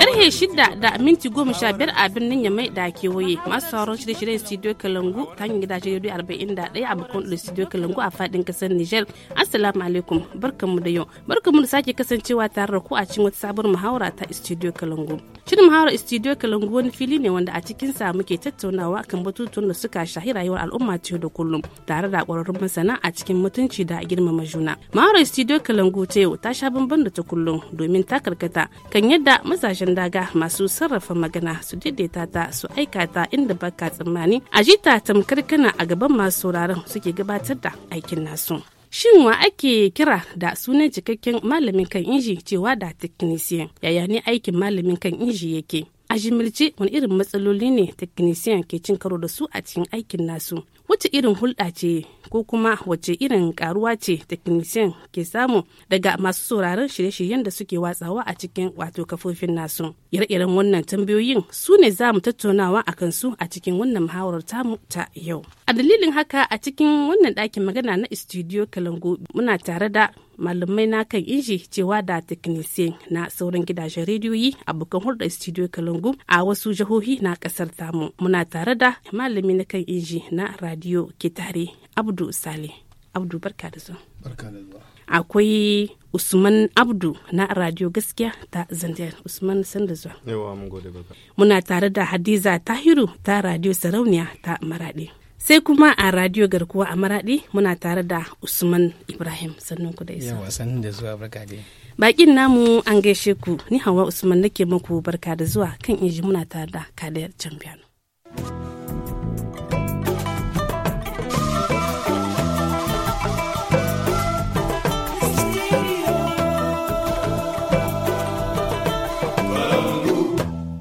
karhe 6 da minti goma sha biyar a birnin Yamai da kewaye masu sauran shirye-shiryen studio Kalangu ta hanyar gidajen radio arba'in da a bakon ɗin studio Kalangu a faɗin kasar niger Assalamu alaikum barkanmu da yau barkanmu da sake kasancewa tare da ku a cikin wata sabuwar muhawara ta studio Kalangu. Shirin muhawara studio Kalangu wani fili ne wanda a sa muke tattaunawa kan batutuwan da suka shahi rayuwar al'umma ta yau da kullum tare da ƙwararrun masana a cikin mutunci da girmama juna. Muhawara studio Kalangu ta yau ta sha bamban da ta kullum domin ta karkata kan yadda masashen bakin daga masu sarrafa magana su daidaita ta su aika ta inda baka tsammani a ta tamkar kana a gaban masu sauraron suke gabatar da aikin nasu. Shin wa ake kira da sunan cikakken malamin kan inji cewa da technician yaya ne aikin malamin kan inji yake? a jimilce wani irin matsaloli ne technician ke cin karo da su a cikin aikin nasu wace irin hulɗa ce ko kuma wace irin karuwa ce technician ke samu daga masu sauraron shirye-shiryen da suke watsawa a cikin wato kafofin nasu ire-iren wannan tambayoyin su ne za mu tattaunawa a kan su a cikin wannan muhawarar tamu ta yau a dalilin haka a cikin wannan ɗakin magana na studio kalango muna tare da malamai na kan inji cewa da technician na sauran gidajen rediyoyi abokan hulɗar studio kalangu a wasu jihohi na ƙasar tamu muna tare da malami na kan inji na radio kitare abdu sale abdu barka da zuwa akwai usman abdu na radio gaskiya ta zandiyar usman sanda zuwa muna tare da hadiza tahiru ta radio sarauniya ta maraɗe sai kuma a radio garkuwa a maradi muna tare da usman ibrahim sannan ku da isa sannan da zuwa barka bakin namu an gaishe ku ni hawa usman nake muku barka da zuwa kan inji muna tare da kadayar champion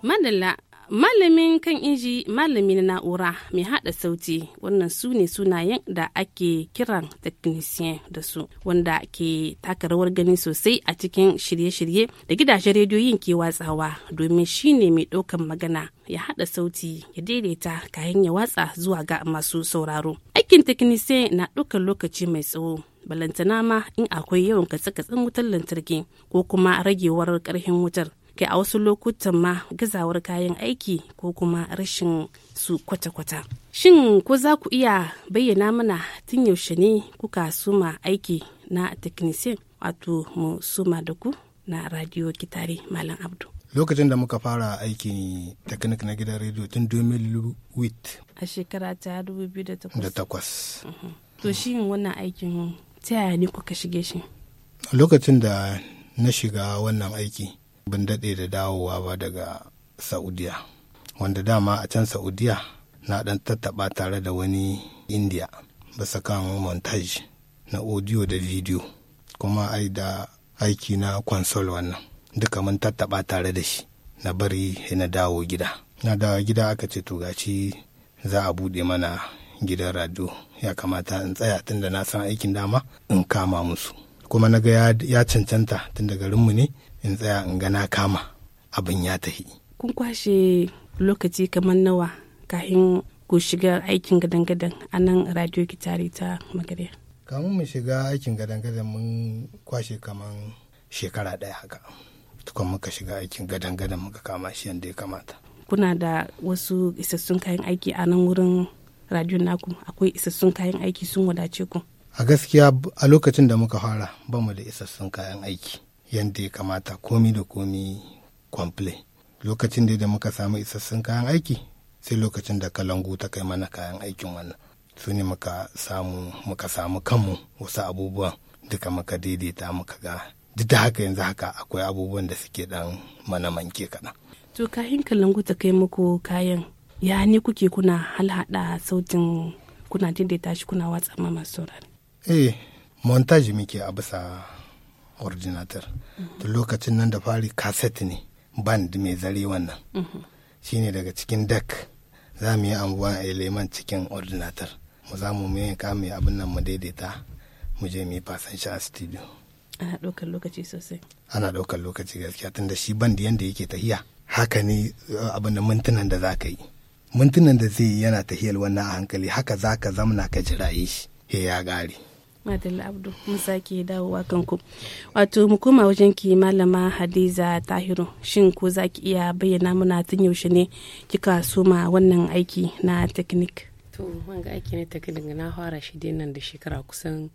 madalla malamin kan inji malami na na'ura mai hada sauti wannan su ne sunayen da ake kiran technician da su wanda ke taka rawar gani sosai a cikin shirye-shirye da gidajen rediyoyin ke watsawa domin shi ne mai ɗaukan magana ya hada sauti ya daidaita kayan ya watsa zuwa ga masu sauraro aikin technician na ɗaukar lokaci mai tsawo balantana ma in akwai yawan katse-katsen wutar lantarki ko kuma ragewar ƙarfin wutar ke a wasu lokutan ma gazawar kayan aiki ko kuma rashin su kwata-kwata. Shin ko za ku iya bayyana mana tun yaushe ne kuka suma aiki na technician wato mu suma da ku na radio kitare Malam Abdu. lokacin da muka fara aikin teknik na gidan rediyo tun 2008 a shekara ta 2008 mhm. to shi wannan aikin ta yaya ne kuka shige shi lokacin da na shiga wannan aiki bin daɗe da dawowa ba daga saudiya wanda dama a can saudiya na ɗan tattaɓa tare da wani indiya bisa kan montage na audio da video kuma ai da aiki na console wannan duka mun tattaɓa tare da shi na bari na dawo gida na dawo gida aka ce to gaci za a buɗe mana gidan radio ya kamata in tsaya tunda na san aikin dama in kama musu kuma na ga ya cancanta tun da garinmu ne in tsaya in gana kama abin ya tafi kun kwashe lokaci kamar nawa kafin ku shiga aikin gadan-gadan a nan radio gitari ta magariya kamun mu shiga aikin gadan-gadan mun kwashe kamar shekara ɗaya haka tukun muka shiga aikin gadan-gadan muka kama shi yadda ya kamata kuna da wasu isassun kayan aiki a nan wurin radio naku akwai isassun kayan aiki sun wadace ku a gaskiya a lokacin da muka fara ba mu da isassun kayan aiki yadda ya kamata komi da komi kwamfle lokacin da da muka samu isassun kayan aiki sai lokacin da kalangu ta kai mana kayan aikin wannan su ne muka samu muka samu kanmu wasu abubuwan duka muka daidaita muka ga duk da haka yanzu haka akwai abubuwan da suke dan mana manke kaɗan. to kayan kalangu ta kai muku kayan ya ne kuke kuna halhada sautin kuna daidaita shi kuna watsa mama eh montage muke a bisa ordinator to lokacin nan da fari kaset ne band mai zare wannan shine daga cikin deck za mu yi ambuwan cikin ordinator mu za mu mai kame abin nan mu daidaita mu je mu fasan shi a studio ana ɗaukar lokaci sosai ana ɗaukar lokaci gaskiya tunda shi band yanda yake tahiya haka ne uh, abin da mintunan da za ka yi mintunan da zai yana tahiyar wannan a hankali haka za ka zamna ka jiraye shi ya gare Madalla Abdu mun sake dawowa kanku. Wato mu koma wajen ki malama Hadiza Tahiru shin ko za ki iya bayyana muna tun yaushe ne kika soma wannan aiki na teknik? To wanga aiki na teknik na fara shi dai nan da shekara kusan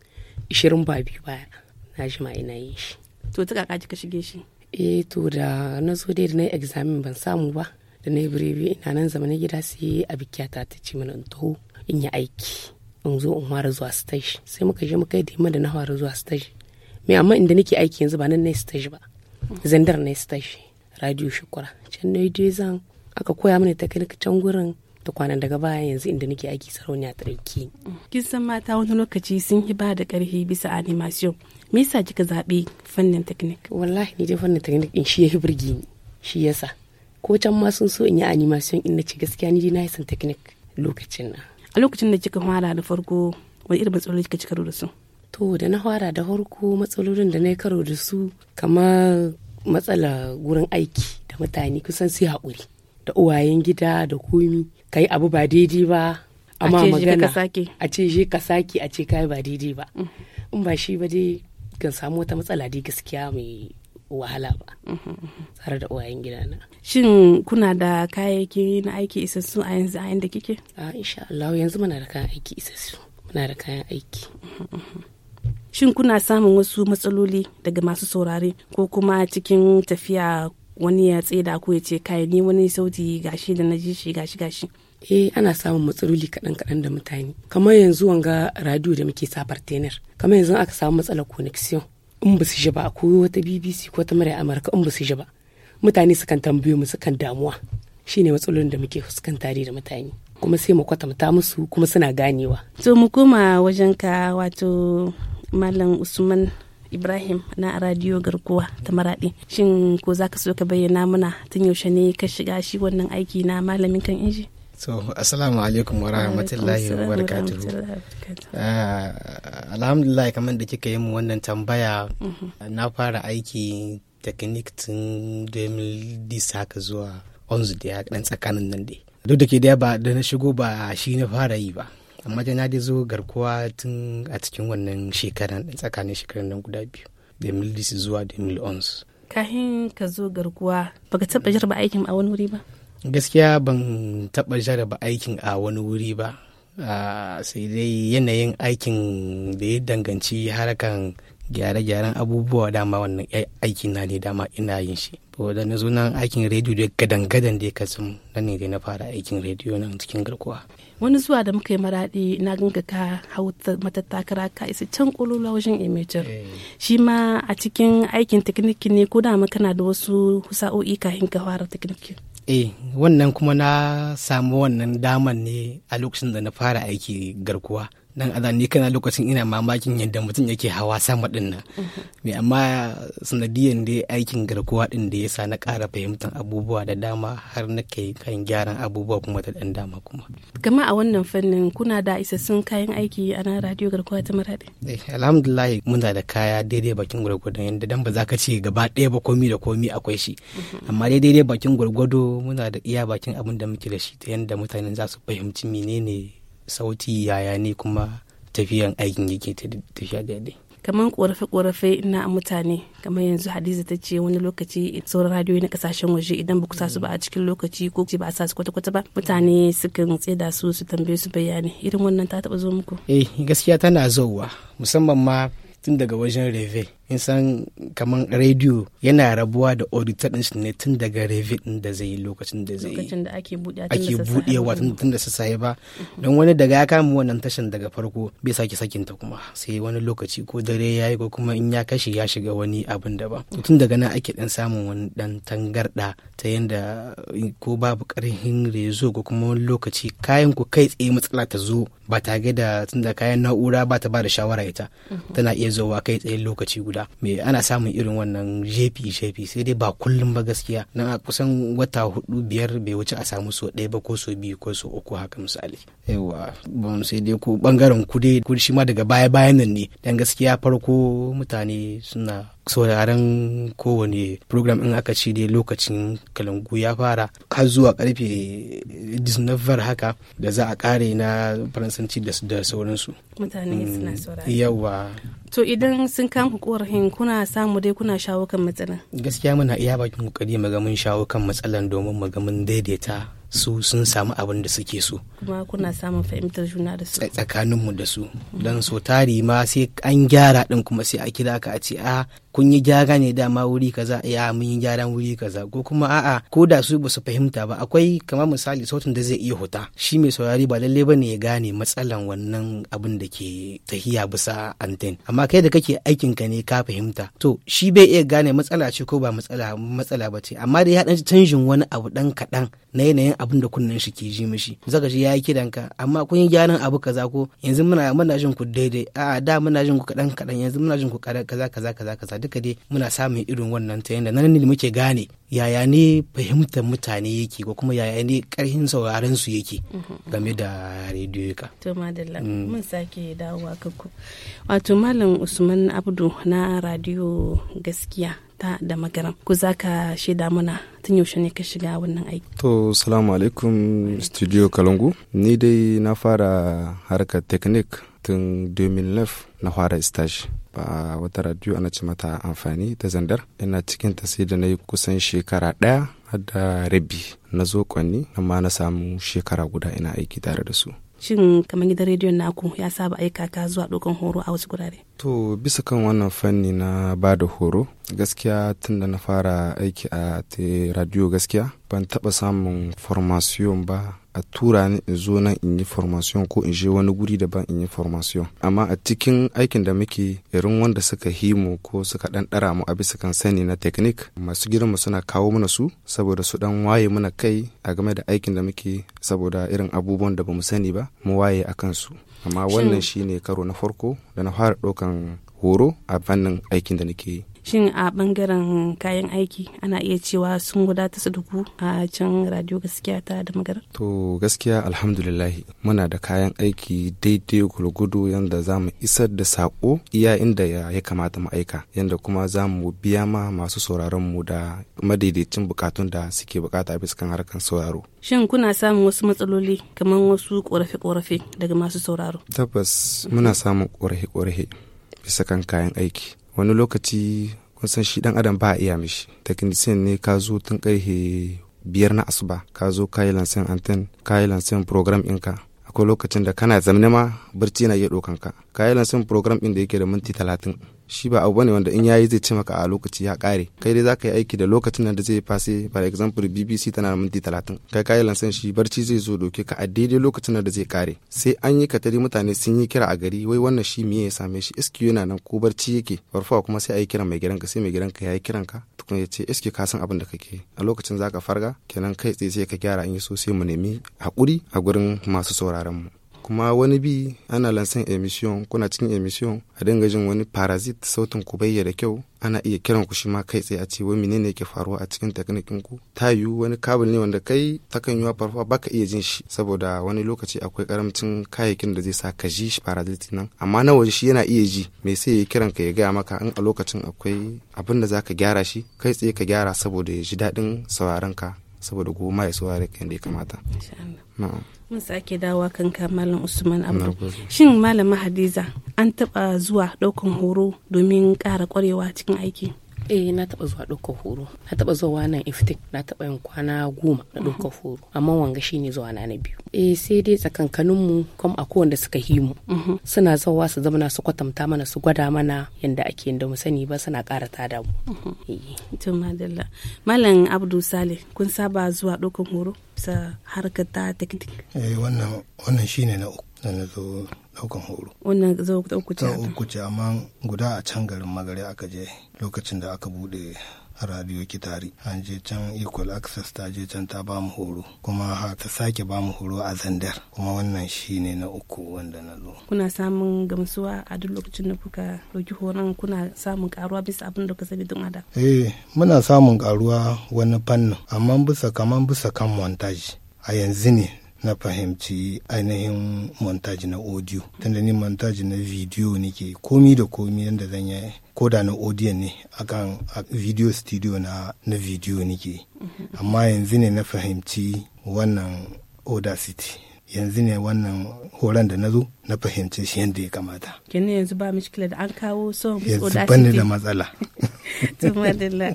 20 ba biyu baya na shi ma ina yin shi. To ta kaka kika shige shi? Eh to da na zo dai da na examen ban samu ba da na yi birebi ina nan zama na gida sai a bikiyata ta ce mana in taho in yi aiki. in zo in fara zuwa stage sai muka je muka yi da na fara zuwa stage me amma inda nake aiki yanzu ba nan ne stage ba zandar ne stage radio shukura can na yi zan aka koya ta kai can gurin ta kwanan daga baya yanzu inda nake aiki sarauniya ta dauki kin san mata wani lokaci sun yi ba da karfi bisa animation me yasa kika zabe fannin technique wallahi ni dai fannin technique in shi ya birgi ni shi yasa ko can ma sun so in yi animation in na ci gaskiya ni dai na yi san technique lokacin nan a lokacin da kika fara da farko wani irin matsaloli kika ci karo da su to da na fara da farko matsalolin da na karo da su kamar matsala gurin aiki da mutane kusan sai haƙuri da uwayen gida da komi kai abu ba daidai ba amma magana a ce shi ka sake a ce kai ba daidai ba mm. in ba shi ba dai kan samu wata matsala dai gaskiya mai wahala ba tsare da uwayen na. shin kuna da kayayyaki na aiki isassu a yanzu a yanda kike a insha Allah yanzu muna da kayan aiki isassu muna da kayan aiki shin kuna samun wasu matsaloli daga masu saurare ko kuma cikin tafiya wani ya tseda ko ya ce kai ni wani sauti gashi da na ji shi gashi gashi eh ana samun matsaloli kaɗan kaɗan da mutane kamar yanzu wanga radio da muke sabar tenor kamar yanzu aka samu matsalar connection in ba su ji ba ko wata bbc ko ta mara amurka in ba su ji ba mutane sukan tambayo mu kan damuwa shine matsalolin da muke fuskanta da mutane kuma sai mu kwatanta musu kuma suna ganewa to mu koma wajen ka wato malam usman ibrahim na radio garkuwa ta maraɗi shin ko za ka so ka bayyana muna tun yaushe ne ka shiga shi wannan aiki na malamin kan inji so assalamu alaikum wa rahmatullahi wa barakatuhu ah, alhamdulillah kamar da kika yi mu wannan tambaya mhm. na fara aiki technique tun 2010 ka zuwa onzu da ya dan tsakanin nan dai duk da ke da ba da na shigo ba shi na fara yi ba amma da na dai zo garkuwa tun a cikin wannan shekaran tsakanin shekaran nan guda biyu 2010 zuwa 2011 kahin ka zo garkuwa baka taba jarba aikin a wani wuri ba gaskiya ban taɓa jaraba aikin a wani wuri ba sai dai yanayin aikin da ya danganci harkan gyare-gyaren abubuwa dama wannan aiki na ne dama ina yin shi da na zo nan aikin rediyo da gadan-gadan da ya kasu nan ne na fara aikin rediyo nan cikin garkuwa wani zuwa da muka yi maraɗi na ganga ka hau matattakara ka isa can kulula wajen imejir eh. shi ma a cikin aikin tekniki ne ko da kana da wasu sa'o'i kafin ka fara tekniki eh wannan kuma na samu wannan daman ne a lokacin da na fara aiki garkuwa nan a ni kana lokacin ina mamakin yadda mutum yake hawa sama din nan me amma sanadiyan da aikin garkuwa din da yasa na ƙara fahimtar abubuwa da dama har na kai kan gyaran abubuwa kuma ta dan dama kuma kama a wannan fannin kuna da isassun kayan aiki a nan radio garkuwa ta maradi eh, alhamdulillah muna da kaya daidai bakin gwargwado yadda dan ba za ka ce gaba ɗaya ba komi da komi akwai shi amma daidai bakin gwargwado muna da iya bakin abin da muke da shi ta yadda mutanen za su fahimci menene sauti yaya ne kuma tafiyan aikin yake tafiya daidai kamar korafe-korafe na mutane kamar yanzu hadiza ta ce wani lokaci sauran radiyoyi na kasashen waje idan ba ku sa su ba a cikin lokaci ko ba a sa su kwata-kwata ba mutane sukan tseda su su tambaye su bayani irin wannan ta taba zo muku eh gaskiya tana zowa musamman ma tun daga wajen reve san kamar rediyo yana rabuwa da auditor din ne tun daga revit din da zai yi lokacin da zai lokacin da ake tun da sassaye ba don wani daga ya kama wannan tashan daga farko bai sake sakin ta kuma sai wani lokaci ko dare ya yi ko kuma in ya kashe ya shiga wani abin da ba tun daga nan ake dan samun wani dan tangarda ta yanda ko babu karhin rezo ko kuma wani lokaci kayan ku kai tsaye matsala ta zo ba tare da tun da kayan na'ura ba ta ba da shawara ita mm-hmm. tana iya zowa kai tsaye lokaci guda cuta me ana samun irin wannan jefi jefi sai dai ba kullum ba gaskiya na kusan wata hudu biyar bai wuce a samu so ɗaya ba ko so biyu ko so uku haka misali yawa ban sai dai ku bangaren ku dai shi ma daga baya bayan nan ne dan gaskiya farko mutane suna sauraren kowane program in aka ce dai lokacin kalangu ya fara har zuwa karfe 19 haka da za a kare na faransanci da sauransu mutane mm. suna saurari yawa to idan sun kama korafin kuna samu dai kuna shawo kan matsalan gaskiya muna iya bakin kokari magamin mun shawo kan matsalan domin magamin daidaita su sun samu abin da suke so kuma kuna samun fahimtar juna da su tsakaninmu da su don so tari ma sai an gyara din kuma sai a kira ka a ce a ah, kun yi gyara ne dama wuri kaza ya mun yi gyaran wuri kaza ko kuma a'a ko da su basu fahimta ba akwai kamar misali sautin da zai iya huta shi mai saurari ba lalle bane ya gane matsalan wannan abin da ke tahiya bisa anten amma kai da kake aikin ka ne ka fahimta to shi bai iya gane matsala ce ko ba matsala matsala ba ce amma dai ya dan canjin wani abu dan kadan na yanayin abin da kunnen shi ke ji mishi zaka ji yayi kidan ka amma kun yi gyaran abu kaza ko yanzu muna muna jin ku daidai a da muna jin ku kadan kadan yanzu muna jin ku kaza kaza kaza kaza duka dai muna samun irin wannan ta yanda nan ne muke gane yaya ne fahimtar mutane yake ko kuma yaya ne karhin sauraron su yake game da rediyo ka to madalla mm. mun sake dawowa ku wato malam usman abdu na radio gaskiya ta da magaram ku za ka shaida mana tun yaushe ne ka shiga wannan aiki to salamu alaikum studio kalangu ni dai na fara harkar technique tun 2009 na fara stage ba wata radio ana ce mata amfani ta zandar ina cikin ta sai da na yi kusan shekara ɗaya har da rabi na zo kwanni amma na samu shekara guda ina aiki tare da su shin kamar gidan rediyon naku ya saba aika ka zuwa dokan horo a wasu gurare to bisa kan wannan fanni na ba da horo gaskiya tun da na fara aiki a te radio gaskiya ban taba samun formation ba a tura ni in zo nan in yi formation ko in je wani guri daban in yi formation amma a cikin aikin da muke irin wanda suka himu ko suka dan dara mu a bisa kan sani na technique masu mu suna kawo mana su saboda su dan waye mana kai a game da aikin da muke saboda irin abubuwan da bamu sani ba mu waye a kansu amma wannan shine karo na farko da na fara ɗaukan horo a fannin aikin da nake yi shin a bangaren kayan aiki ana iya cewa sun wadatar ta a can radio gaskiya ta da magana to gaskiya alhamdulillah muna da kayan aiki daidai gulgudu yadda za mu isar da sako iya inda ya kamata mu aika yadda kuma za mu biya ma masu sauraron mu da madaidaicin bukatun da suke bukata bisa kan harkar sauraro shin kuna samun wasu matsaloli kamar wasu korafe-korafe daga masu sauraro tabbas muna samun korafe-korafe bisa kan kayan aiki wani lokaci kun san shi dan adam ba a iya mishi technician ne ka zo tun karfe biyar na asuba ka zo ka yi lansan anten ka yi lansan program ɗinka akwai lokacin da kana zamne ma barci na iya ɗaukan ka ka yi lansan program ɗin da yake da minti talatin shi ba abu bane wanda in yayi zai ce maka a lokaci ya kare kai dai zaka yi aiki da lokacin da zai fase eh, for example BBC tana da minti 30 kai kai lansan shi barci zai zo doke ka a daidai lokacin da zai kare sai an yi katari mutane sun yi kira a gari wai wannan shi me ya same shi iski yana nan ko barci yake farfawa kuma sai a yi kiran mai gidanka sai mai gidanka ya yi ka tukun ya ce iski ka san abin da kake a lokacin zaka farga kenan kai tsaye sai ka gyara in yi so sai mu nemi hakuri a gurin masu sauraron mu kuma wani bi ana lansan emission kuna cikin emission a dinga jin wani parasite sautin ku bayyana da kyau ana iya kiran ku shi ma kai tsaye a ce wai menene yake faruwa a cikin teknikin ku ta yiwu wani kabel ne wanda kai takan yiwa farfa baka iya jin shi saboda wani lokaci akwai karamcin kayayyakin da zai sa ka ji shi parasite nan amma na waje shi yana iya ji me sai ya kiran ka ya gaya maka in a lokacin akwai abin da zaka gyara shi kai tsaye ka gyara saboda ya ji daɗin sauraron ka saboda goma ya saurare ka yadda ya kamata. mun sake dawa kanka malam usman abu shin malama hadiza an taba zuwa daukan horo domin ƙara kwarewa cikin aiki eh na taba zuwa dukkan horo na taba zuwa nan iftik na taba yin kwana goma na dukkan mm-hmm. horo amma wanga shine zuwa na na biyu eh sai dai tsakankanin mu kuma a wanda suka hi mu mm-hmm. suna zawa su zama su kwatanta mana su gwada mana yanda ake yanda mu sani ba suna ƙara da mu mm-hmm. eh. to madalla malam abdu sale kun saba zuwa dukkan horo sa harkar ta teknik eh wannan wannan shine na na zo daukan horo wannan zo uku ce uku ce amma guda a can garin magare aka je lokacin da aka bude radio kitari an je can equal access ta je can ta ba mu horo kuma ta sake ba mu horo a zandar kuma wannan shi ne na uku wanda na zo kuna samun gamsuwa a duk lokacin da kuka ɗauki horon kuna samun karuwa bisa abin da ka sani ada eh muna samun karuwa wani fannin amma bisa kaman bisa kan montage a yanzu ne na fahimci ainihin montage na audio tunda ni montage na video nake komi da komi yadda zan yi ko da na audio ne akan video studio na na video nake mhm. amma yanzu ne na fahimci wannan audacity yanzu ne wannan horon da na zo na fahimci shi yadda ya kamata. Kini yanzu ba mu da an kawo son Yanzu bani da matsala. Tumadilla.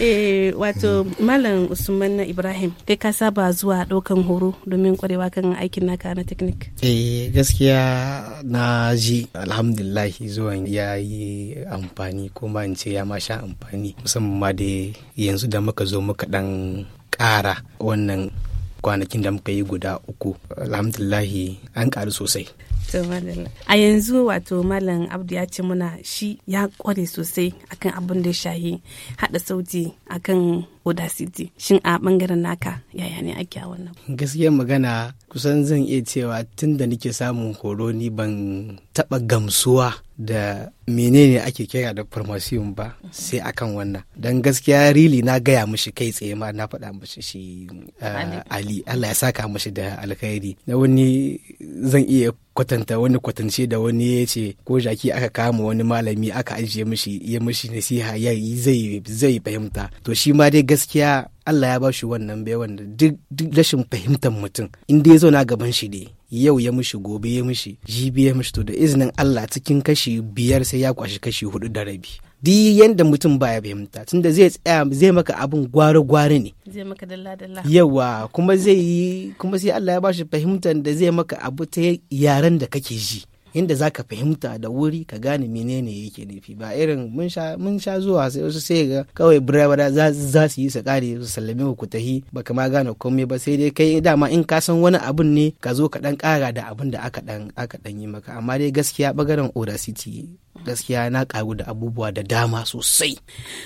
Eh wato Malam Usman na Ibrahim kai ka saba zuwa ɗaukan horo domin kwarewa kan aikin naka na teknik. Eh gaskiya na ji alhamdulillah zuwan ya yi amfani ma in ce ya ma sha amfani musamman ma da yanzu da muka zo muka ɗan ƙara wannan kwanakin da muka yi guda uku alhamdulahi an karu sosai a yanzu wato malam abdu ya ce muna shi ya kware sosai akan abin da shahi hada sauti akan odasiti shin a bangaren naka yaya ne ake a wannan gaskiyar magana kusan zan iya cewa tun da nake samun horo ni ban taɓa gamsuwa da menene ake kira da farmasiyon ba sai akan wannan don gaskiya rili na gaya mushi kai tsaye ma na faɗa mushi shi ah, ali allah ya saka mushi da alkhairi na wani zan iya kwatanta wani kwatance da wani ya ce ko jaki aka kama wani malami aka ajiye mushi ya mushi nasiha ya zai fahimta to shi ma dai gaskiya Allah ya ba shi wannan baiwan da duk rashin fahimtar mutum in dai zo na gaban shi ne yau ya mushi gobe ya mushi. jibi ya mushi to da izinin Allah cikin kashi biyar sai ya kwashi kashi hudu da rabi di yanda mutum baya fahimta tunda zai tsaya zai maka abin gwara gware ne zai maka dalla dalla yawa kuma zai yi kuma sai Allah ya ba shi fahimtar da zai maka abu ta yaren da kake ji inda za ka fahimta da wuri ka gane menene yake nufi ba irin mun sha zuwa sai wasu sai ga kawai birabara za su yi su kare su sallame ku tahi ba kama gane komai ba sai dai kai dama in ka san wani abun ne ka zo ka dan kara da abun da aka dan yi maka amma dai gaskiya bangaren Oda City gaskiya na karu da abubuwa da dama sosai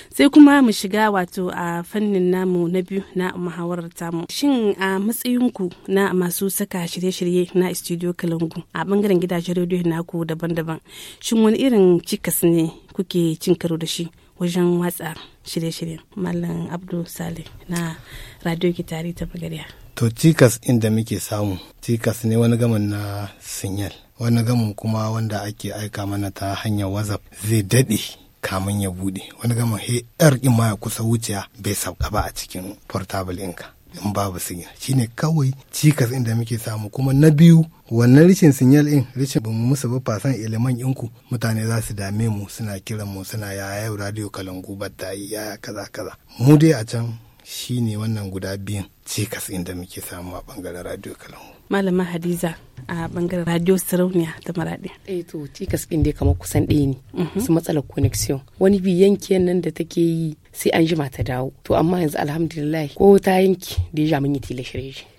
sai kuma mu shiga wato a fannin namu na biyu na muhawarar tamu shin a matsayinku na masu saka shirye-shirye na studio kalangu a bangaren gidajen rediyo naku daban-daban shin wani irin cikas ne kuke cin karo da shi wajen watsa shirye-shiryen mallam abdul saleh na radio gitari ta bagariya to cikas inda muke samu cikas ne wani gama na sinyal wani gamin kuma wanda ake aika mana ta hanyar wazaf zai daɗe kamun ya buɗe wani gaman he yar ma ya kusa wuciya bai sauka ba a cikin portable ɗinka in babu sinyal ne kawai cikas inda muke samu kuma na biyu wannan rishin sinyal in rishin ba mu musu ba fasan ilimin inku mutane za su dame mu suna kiran mu suna yaya radiyo radio kalangu batta yi yaya kaza kaza mu dai a can Shi ne wannan guda biyun cikas inda muke samu a bangaren radio kalamu. malama hadiza a bangaren radio sarauniya ta maraɗi eh to cikas ɗin dai kamar kusan ɗaya ne mhm. su matsalar connection wani bi yanke nan da take yi sai an jima ta dawo to amma yanzu alhamdulillah ko ta yanki da ya mun yi tile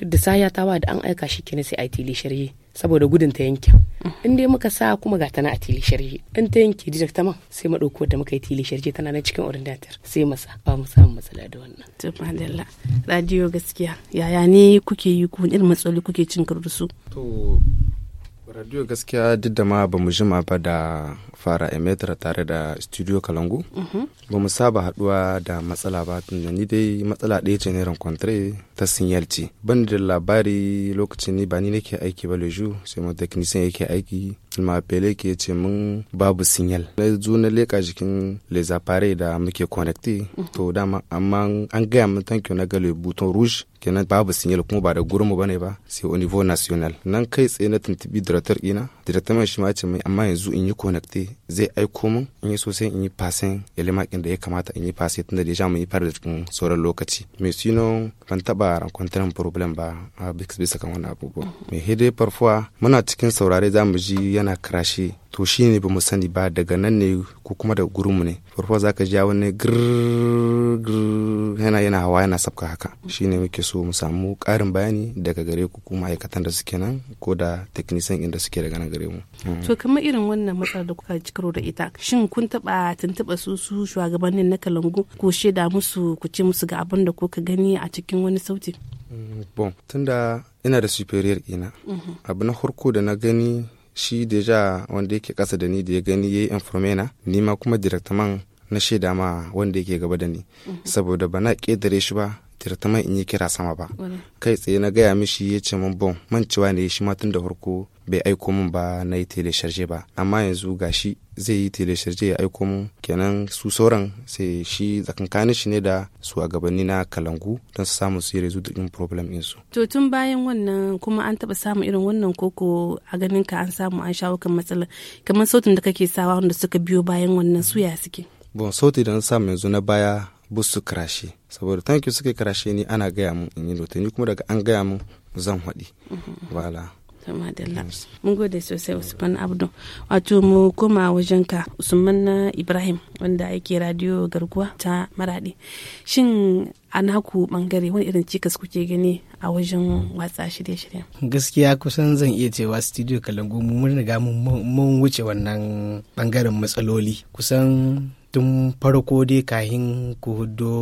duk da ya wa da an aika shi kenan sai a yi tile saboda gudun ta yanke in dai muka sa kuma ga tana a tili sharje in ta yanke ma sai mu dauko da muka yi tili sharje tana na cikin ordinator sai mu sa ba mu samu matsala da wannan subhanallah radio gaskiya yaya ne kuke yi ku irin matsaloli kuke cin karo su to radio gaskiya duk da ma ba mu jima ba da fara emetra tare da studio kalangu mhm. ba mu saba haduwa da matsala ba tunda ni dai matsala ɗaya ce ne rencontre ta sinyal ce ban da labari lokacin ni ba ni nake aiki ba leju sai mu technician yake aiki ma pele ke ce mun babu sinyal na zo na leka jikin les appareils da muke connecté mhm. to dama amma an gaya mun tanki na gale buton rouge kenan babu sinyal kuma ba da gurinmu ba ne ba sai au niveau national nan kai tsaye na tuntubi director ina director man shi ma ce mai amma yanzu in yi connecté zai aiko min in yi sosai in yi passing elimakin da ya kamata in yi passing tunda da ya mun yi fara da cikin sauran lokaci mai sino ban taba rankwantarin problem ba a bisa kan wani abubuwa mai hidai farfuwa muna cikin saurare za mu ji yana karashe to shi ne ba mu sani ba daga nan ne ko kuma daga gurinmu ne farko za ka ja wani yana yana hawa yana sabka haka shi ne muke so mu samu karin bayani daga gare ku kuma aikatan da suke nan ko da technician inda suke daga nan gare mu. Mm. to kamar irin wannan matsalar da kuka ci karo da ita shin kun taba tuntuɓa su su shugabannin na kalangu ko shaida musu ku ce musu ga abin da kuka gani a cikin wani sauti. Mm, bon tunda ina da superior ina mhm. abu na farko da na gani shi deja wanda yake kasa da ni da ya gani ya yi informena ni ma kuma direktaman na shaida ma wanda yake gaba da ni mhm. saboda bana ƙetare shi ba direktaman in yi kira sama ba kai tsaye na gaya mishi ya ce mun bon mancewa ne shi ma tun da farko bai aiko min ba na yi telesharje ba amma yanzu gashi zai yi telesharje ya aiko mun kenan su sauran sai shi tsakankanin shi ne da su a gabanni na kalangu don su samu su yi rezu din problem din su to tun bayan wannan kuma an taba samu irin wannan koko a ganin ka an samu an shawo kan matsala kamar sautin da kake sawa wanda suka biyo bayan wannan suya suke bon sauti da na samu yanzu na baya bus su karashe saboda tanki suke karashe ni ana gaya mun in yi lotani kuma daga an gaya mun zan haɗi wala mhm. kama dalla mun gode sosai usman abdu wato mu koma wajen ka usman na ibrahim wanda yake radio garkuwa ta maradi shin an haku bangare wani irin cikas kuke gani a wajen watsa shirye-shirye gaskiya kusan zan iya cewa studio kalangu mun riga mun wuce wannan bangaren matsaloli kusan tun farko dai kahin ku hudo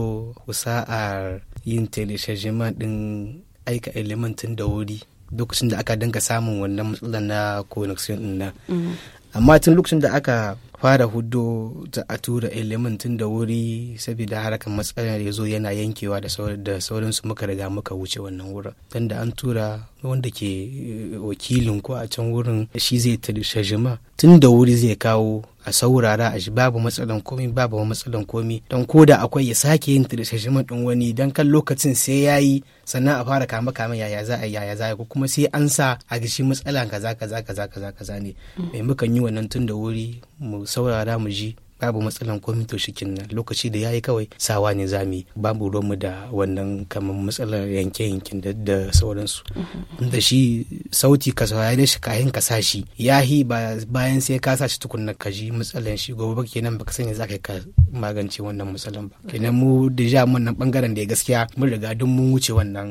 a yin teleshajima din aika elementin da wuri lokacin da aka dinga samun wannan matsalar na connection din nan mm-hmm. amma tun lokacin da aka fara hudo za a tura ilimin tun da wuri saboda harkar matsalar ya zo yana yankewa da sauransu muka riga muka wuce wannan wurin tun da an tura wanda ke eh, wakilin ko a can wurin shi zai shajima. tun da wuri zai kawo a saurara a shi babu matsalan komi babu matsalan komi don ko da akwai ya sake yin tirishashimin din wani don kan lokacin sai ya yi sannan a fara kama kama yaya za a yaya za a ko kuma sai an sa a gishi matsala kaza kaza kaza kaza kaza ne mm. mai mukan yi wannan tun da wuri mu saurara mu ji babu matsalan komai to shikin nan lokaci da yayi kawai sawa ne zami babu ruwanmu da wannan kamar matsalar yanke-yankin da sauransu mm-hmm. da shi sauti ka saurare shi kayan ka sa shi yahi bayan sai ka sa shi tukunna ka ji matsalan shi gobe nan baka sani za ka magance wannan matsalan ba kenan mu ja mun nan bangaren da gaskiya mun riga duk mun wuce wannan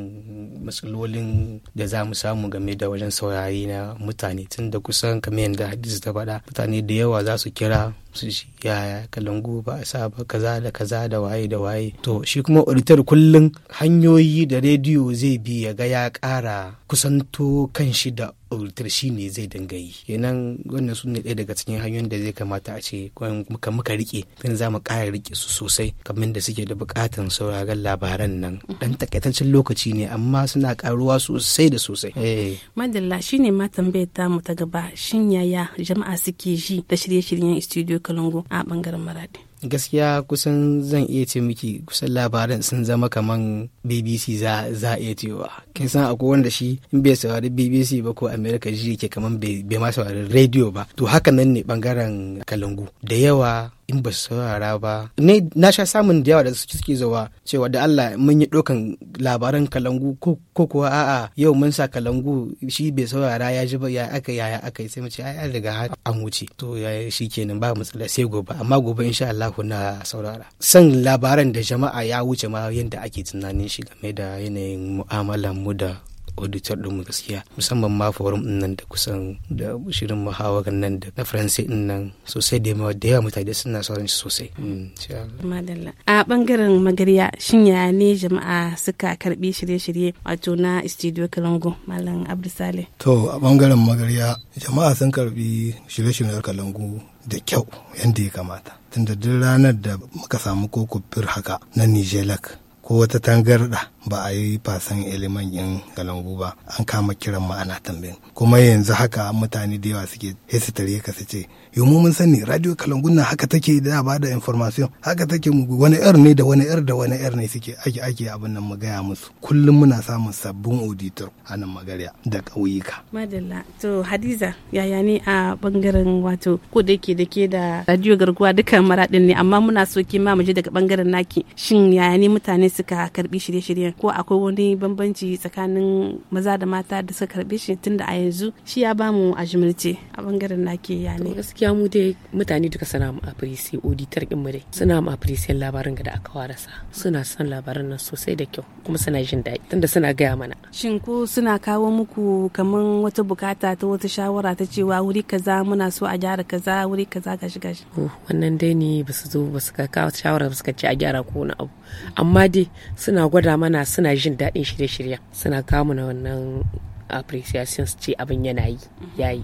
matsalolin da za mu samu game da wajen saurari na mutane tun da kusan kamar yadda hadisi ta faɗa mutane da yawa za su kira su ji yaya kalangu ba a sa ba kaza da kaza da waye da waye to shi kuma auditor kullum hanyoyi da rediyo zai bi ya ga ya kara kusanto kan shi da auditor shi ne zai dinga yi kenan wannan sun ne ɗaya daga cikin hanyoyin da zai kamata a ce muka muka rike tun za mu ƙara rike su sosai kamar da suke da buƙatan sauraron labaran nan dan mm-hmm. takaitaccen lokaci ne amma suna karuwa sosai da sosai eh. madalla shine ma tambayar ta mu ta gaba shin yaya jama'a suke ji da shirye-shiryen studio kalungu a bangaren maradi gaskiya kusan zan iya ce miki kusan labaran sun zama kaman bbc za a iya cewa kin san akwai wanda shi in bai saurari bbc ba ko america ji yake kaman bai ma saurari radio ba to haka nan ne bangaren kalangu da yawa in ba saurara ba ne na sha samun da yawa da su suke zawa cewa da Allah mun yi ɗaukan labaran kalangu ko kuwa a'a yau mun sa kalangu shi bai saurara ya ji ba ya aka yaya aka yi sai mu ce ai an riga an wuce to ya shi kenan ba matsala sai gobe amma gobe insha Allah na saurara san labaran da jama'a ya wuce ma yadda ake tunanin shi game da yanayin mu'amalan mu da auditor ɗinmu gaskiya musamman ma forum ɗin nan da kusan da shirin muhawarar nan da na faransa ɗin nan sosai da yawa da yawa mutane suna sauran shi sosai. Mm, a bangaren magarya shin ya ne jama'a suka karbi shirye-shirye wato na studio Kalango Malam Saleh. To a bangaren magarya jama'a sun karbi shirye-shiryen Kalango da kyau yadda ya kamata. Tunda duk ranar da muka samu kokofir haka na Nijelak ko wata tangarda ba a yi fasan eleman yin galangu ba an kama kiran ma ana tambayin kuma yanzu haka mutane da yawa suke hesitare ka su ce yi mu mun sani radio kalangu na haka take da ba da information haka take mu wani yar ne da wani yar da wani yar ne suke ake ake abin nan mu gaya musu kullum muna samun sabbin auditor a nan magarya da ƙauyuka. madalla to hadiza yaya ne a bangaren wato ko da ke da ke da radio garguwa dukkan maraɗin ne amma muna so ki ma mu je daga bangaren naki shin yaya ne mutane suka karbi shirye-shiryen ko akwai wani bambanci tsakanin maza da mata da suka karbe shi tunda a yanzu shi ya bamu a jimirce a bangaren ke ya ne gaskiya mu dai mutane duka suna mu appreciate odi din mu dai suna mu appreciate labarin da aka sa suna son labarin nan sosai da kyau kuma suna jin daɗi tunda suna gaya mana shin ko suna kawo muku kaman wata bukata ta wata shawara ta cewa wuri kaza muna so a gyara kaza wuri kaza gashi gashi oh, wannan dai ne ba su zo ba ka kawo shawara ba ka ce a gyara ko wani abu amma dai suna gwada mana suna jin daɗin shirye-shiryen suna kawo na wannan appreciation su ce abin yana yi ya yi.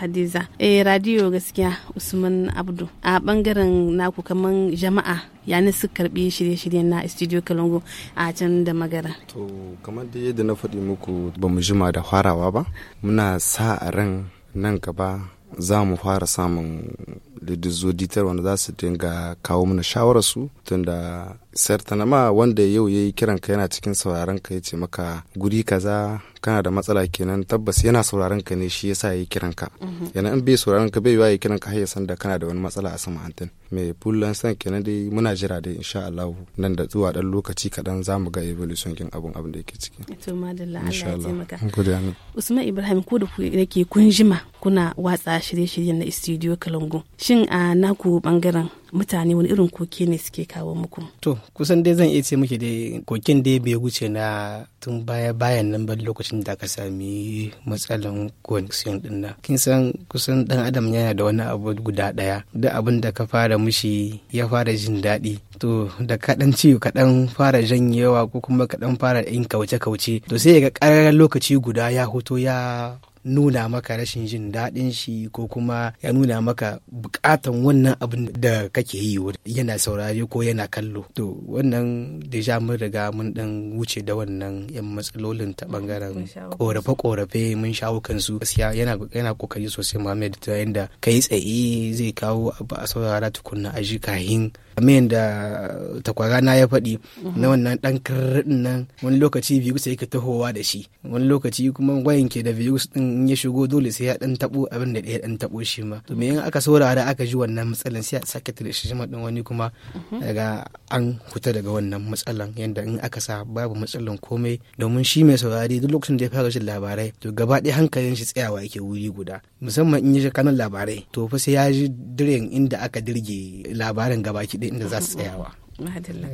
Hadiza. Eh radio gaskiya Usman Abdu. A bangaren naku kamar jama'a ya ni su karbi shirye-shiryen na studio kalongo a can da magara. To kamar da yadda na faɗi muku ba mu jima da farawa ba. Muna sa a ran nan gaba za mu fara samun lidizzoditar wanda za su dinga kawo mana shawararsu tunda sartanama wanda yau ya yi kiranka yana cikin sauraron ka ya ce maka guri kaza kana da matsala kenan tabbas yana sauraron ka ne shi yasa ya yi kiranka mhm. yana in bai sauraron ka bai yi ya kiran ka har ya san da kana da wani matsala a sama antin mai fullan san kenan dai muna jira dai insha Allah nan da zuwa dan lokaci kadan za mu ga evolution kin abun abin da yake ciki to madalla Allah ya taimaka Usman Ibrahim ko da ku yake kun jima kuna watsa shirye-shiryen na studio Kalangu shin a naku bangaren mutane wani irin koke ne suke kawo muku to kusan dai zan iya ce muke dai koken dai bai wuce na tun baya bayan nan ba lokacin da aka sami matsalan connection din nan kin san kusan dan adam yana da wani abu guda daya da abin da ka fara mushi ya fara jin daɗi to da kaɗan ci kaɗan fara janyewa ko kuma kaɗan fara yin kauce-kauce to sai ga ƙararren lokaci guda ya hoto ya nuna maka rashin jin daɗin shi ko kuma ya nuna maka bukatan wannan abin da kake yi yana saurare ko yana kallo to wannan deja mun riga mun dan wuce da wannan yan matsalolin ta bangaren korafe korafe mun shawo kansu gaskiya yana yana kokari sosai Muhammad ta yanda kai tsaye zai kawo abu a saurara tukunna a kahin kamar yadda takwarana ya faɗi mhm. na wannan ɗan karɗin nan wani lokaci virus yake tahowa da shi wani lokaci kuma wayan ke da virus ɗin in ya shigo dole sai ya ɗan taɓo abin da ɗaya ɗan taɓo shi ma to me in aka saurara aka ji wannan matsalan sai a sake da shi ma ɗin wani kuma mhm. daga an huta daga wannan matsalan yadda in aka sa babu matsalan komai domin shi mai saurari duk lokacin da ya fara shi labarai to gaba ɗaya hankalin shi tsayawa yake wuri guda musamman in ya shi kanan labarai to fa sai ya ji diren inda aka dirge labarin gabaki ɗaya inda za su tsayawa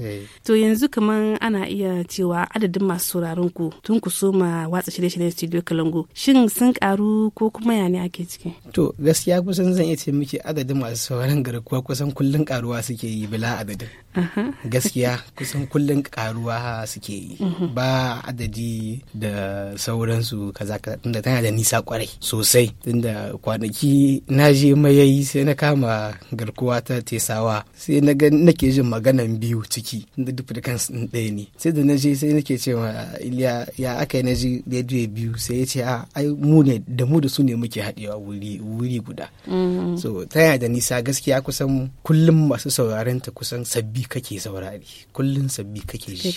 eh. to yanzu kaman ana iya cewa adadin masu sauraron ku tun ku soma watsa shirye-shiryen studio kalango shin sun karu ko kuma ya ne ake ciki to gaskiya kusan zan iya ce miki adadin masu sauraron garkuwa kusan kullun karuwa suke yi bila adadin gaskiya kusan kullum karuwa suke yi ba adadi da sauransu kaza tunda tana da nisa kwarai sosai tunda kwanaki na je mayayi sai na kama garkuwa ta tesawa sai na ga nake jin maganan biyu ciki da duk da kan ɗaya ne sai da na je sai nake cewa iliya ya aka yi na ji daidai biyu sai ya ce a ai mu ne da mu da su ne muke haɗewa wuri wuri guda mm-hmm. so tana da nisa gaskiya kusan kullum masu sauraron ta kusan sabbi kake saurari kullun sabbi kake ji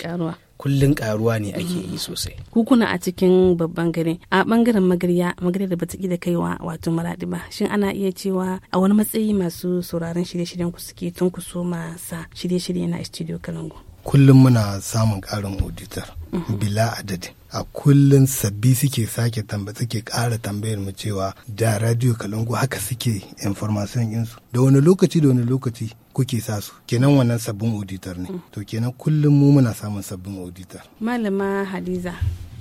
kullun karuwa ne ake yi mm. sosai kukuna a cikin babban gari a bangaren magarya magarya da bata da kaiwa wato maradi ba shin ana iya cewa a wani matsayi masu sauraron shirye-shiryen ku suke tun ku so sa shirye-shirye na studio kalangu kullum muna samun karin auditor mm-hmm. bila adadin a kullum sabbi suke sake tambaya suke kara tambayar mu cewa da radio kalangu haka suke information insu da wani lokaci da wani lokaci kuke sa su kenan wannan sabbin auditor ne to kenan kullum mu muna samun sabbin auditor malama hadiza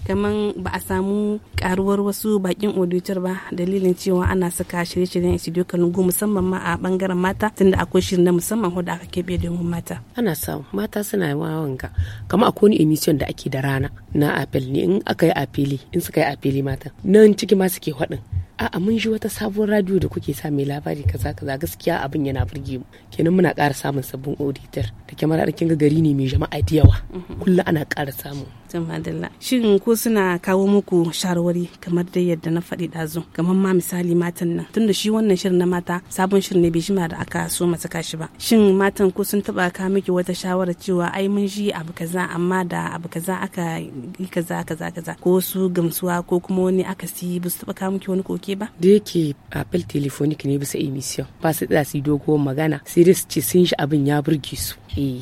kamar ba a samu karuwar wasu bakin auditor ba dalilin cewa ana saka shirye-shiryen studio kalungu musamman ma a bangaren mata tunda akwai shirin na musamman wanda aka keɓe domin mata ana samu mata suna wawan ga kamar a kone emission da ake da rana na apel ne in aka yi apeli in suka yi apeli mata nan ciki ma suke faɗin a'a mun ji wata sabuwar radio da kuke sa mai labari kaza kaza gaskiya abin yana burge mu kenan muna ƙara samun sabbin auditor da kyamarar kin gari ne mai jama'a da yawa mhm. kullum ana ƙara samun madalla shin ko suna kawo muku shawarwari kamar dai yadda na faɗi ɗazu kamar ma misali matan nan tunda shi wannan shirin na mata sabon shirin ne bai shima da aka so masa kashi ba shin matan ko sun taɓa ka miki wata shawara cewa ai mun shi abu kaza amma da abu kaza aka yi kaza kaza kaza ko su gamsuwa ko kuma wani aka si ba su taɓa ka miki wani koke ba da yake apple telefonik ne bisa emission ba su tsaya su dogo magana sai dai su ce sun shi abin ya burge su eh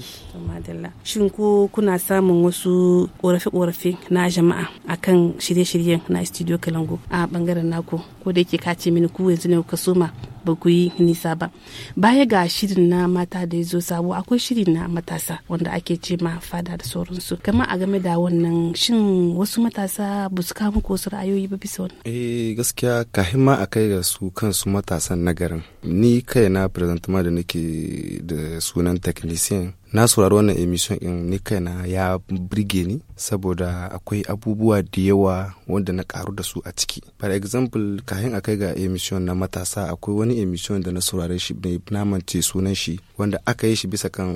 to shin ko kuna samun wasu korafe-korafe na jama'a akan shirye-shiryen na studio kalango a bangaren naku ko da yake kace mini ku yanzu ne ku soma ba ku yi nisa ba baya ga shirin na mata da ya zo sabo akwai shiri na matasa wanda ake ce ma fada da sauransu kama a game da wannan shin wasu matasa ba su kama ko su ra'ayoyi ba bisa wannan eh gaskiya kahin ma a kai ga su kansu matasan na garin ni na presentama da nake da sunan technician na saurari wannan emission in ni kaina ya birge ni saboda akwai abubuwa da yawa wanda na karu da su a ciki for example kayan akai ga emission na matasa akwai wani emission da na saurare shi naman ce sunan shi wanda aka yi shi bisa kan